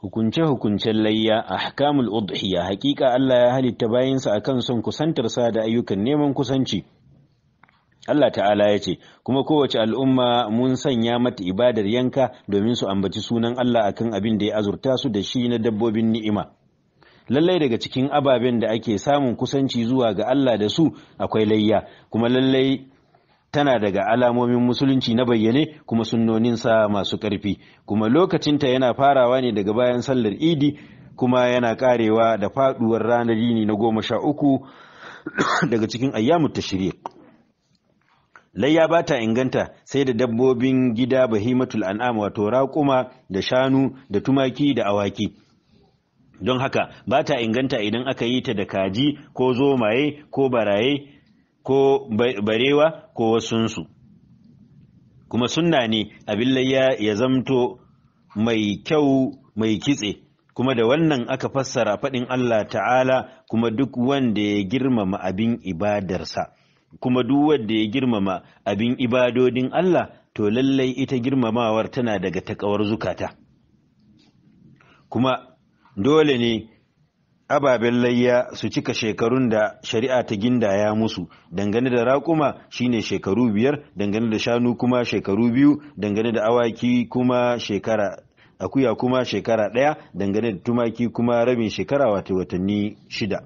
hukunce-hukuncen layya a hakamul udhiya hakika Allah ya halitta bayansa akan son kusantar sa da ayyukan neman kusanci Allah ta'ala ya ce kuma kowace al'umma mun sanya mata ibadar yanka domin su ambaci sunan Allah akan abin da ya azurta su da shi na dabbobin ni'ima lallai daga cikin ababen da ake samun kusanci zuwa ga Allah da su akwai layya kuma lallai tana daga alamomin musulunci na bayyane kuma sunnoninsa masu ƙarfi kuma lokacinta yana farawa ne daga bayan sallar idi kuma yana karewa da faɗuwar ranar yini na goma sha uku daga cikin ayyamu shirye. layya ba ta inganta sai da dabbobin gida bahimatul an'am wato raƙuma da shanu da tumaki da awaki don haka ba ta inganta idan aka yi ta da kaji ko zomaye ko baraye ko barewa ko wasunsu kuma sunna ne abin layya ya zamto mai kyau mai kitse kuma da wannan aka fassara faɗin Allah ta'ala kuma duk wanda ya girmama abin ibadarsa kuma duk wanda ya girmama abin ibadodin Allah to lallai ita girmamawar tana daga takawar zukata kuma dole ne ababen layya su cika shekarun da shari'a ta gindaya musu dangane da raƙuma shine shekaru biyar dangane da shanu kuma shekaru biyu dangane da awaki kuma shekara akuya kuma shekara ɗaya dangane da tumaki kuma rabin shekara wata watanni shida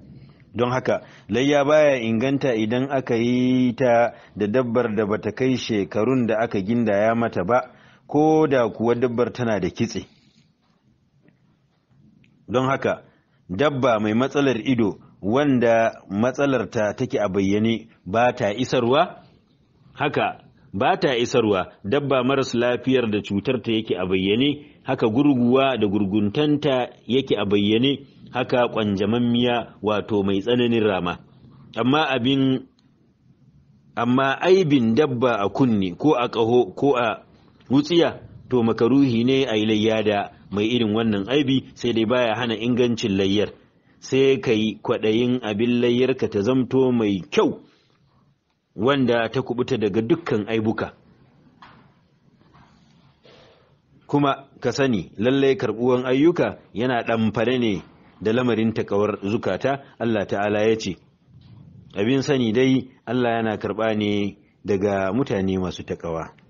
don haka layya baya inganta idan aka yi ta da dabbar da bata kai shekarun da aka gindaya mata ba ko da kuwa dabbar tana da kitse don haka dabba mai matsalar ido wanda matsalarta take a bayyane ba ta isarwa haka ba ta isarwa dabba maras lafiyar da cutarta yake a bayyane haka gurguwa da gurguntanta yake a bayyane haka ƙwanjamammiya wato mai tsananin rama amma abin amma aibin dabba a kunne, ko a ƙaho ko a wutsiya to makaruhi ne a ilayya da mai irin wannan aibi sai dai baya hana ingancin layyar sai ka yi kwaɗayin abin layyarka ta zamto mai kyau wanda ta kubuta daga dukkan aibuka kuma ka sani lallai karɓuwan ayyuka yana ɗamfare ne da lamarin takawar zukata Allah ta'ala ya ce abin sani dai Allah yana karɓa ne daga mutane masu takawa